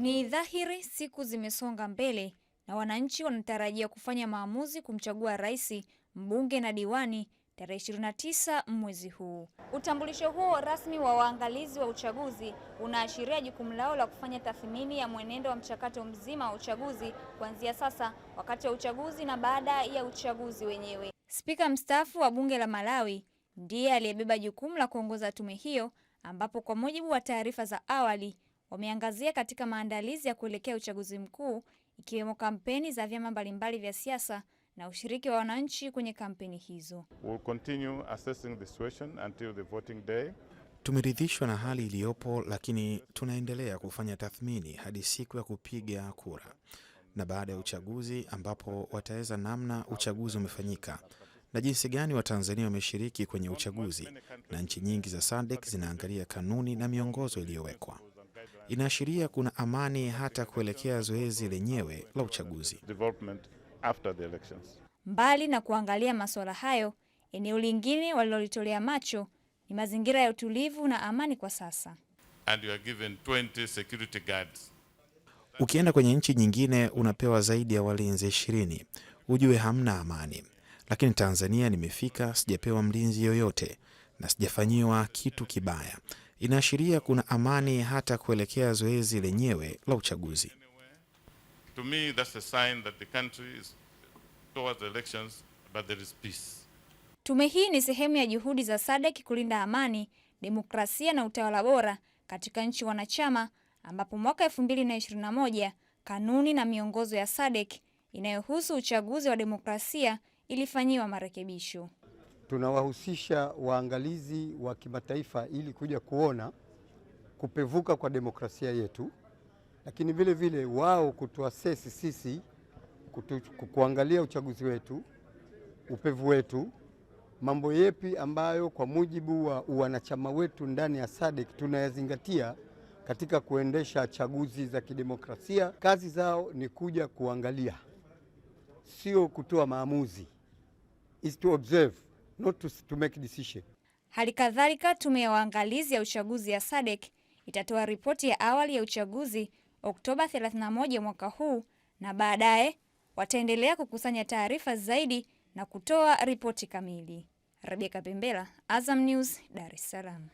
Ni dhahiri siku zimesonga mbele na wananchi wanatarajia kufanya maamuzi kumchagua rais, mbunge na diwani tarehe 29 mwezi huu. Utambulisho huo rasmi wa waangalizi wa uchaguzi unaashiria jukumu lao la kufanya tathmini ya mwenendo wa mchakato mzima wa uchaguzi kuanzia sasa, wakati wa uchaguzi na baada ya uchaguzi wenyewe. Spika mstaafu wa bunge la Malawi ndiye aliyebeba jukumu la kuongoza tume hiyo, ambapo kwa mujibu wa taarifa za awali wameangazia katika maandalizi ya kuelekea uchaguzi mkuu ikiwemo kampeni za vyama mbalimbali vya siasa na ushiriki wa wananchi kwenye kampeni hizo. We'll continue assessing the situation until the voting day. Tumeridhishwa na hali iliyopo, lakini tunaendelea kufanya tathmini hadi siku ya kupiga kura na baada ya uchaguzi, ambapo wataweza namna uchaguzi umefanyika na jinsi gani Watanzania wameshiriki kwenye uchaguzi, na nchi nyingi za SADC zinaangalia kanuni na miongozo iliyowekwa inaashiria kuna amani hata kuelekea zoezi lenyewe la uchaguzi. Mbali na kuangalia masuala hayo, eneo lingine walilolitolea macho ni mazingira ya utulivu na amani kwa sasa. And you are given 20 security guards. Ukienda kwenye nchi nyingine unapewa zaidi ya walinzi ishirini, ujue hamna amani. Lakini Tanzania nimefika, sijapewa mlinzi yoyote na sijafanyiwa kitu kibaya inaashiria kuna amani hata kuelekea zoezi lenyewe la uchaguzi. To me, that's a sign that the country is towards elections, but there is peace. Tume hii ni sehemu ya juhudi za SADC kulinda amani, demokrasia na utawala bora katika nchi wanachama ambapo mwaka 2021 kanuni na miongozo ya SADC inayohusu uchaguzi wa demokrasia ilifanyiwa marekebisho tunawahusisha waangalizi wa kimataifa ili kuja kuona kupevuka kwa demokrasia yetu, lakini vile vile wao kutuasesi sisi kutu, kuangalia uchaguzi wetu, upevu wetu, mambo yepi ambayo kwa mujibu wa wanachama wetu ndani ya SADC tunayazingatia katika kuendesha chaguzi za kidemokrasia. Kazi zao ni kuja kuangalia, sio kutoa maamuzi, is to observe not to, to make decision. Hali kadhalika tume ya waangalizi ya uchaguzi ya SADC itatoa ripoti ya awali ya uchaguzi Oktoba 31 mwaka huu na baadaye wataendelea kukusanya taarifa zaidi na kutoa ripoti kamili. Rebeka Pembela, Azam News, Dar es Salaam.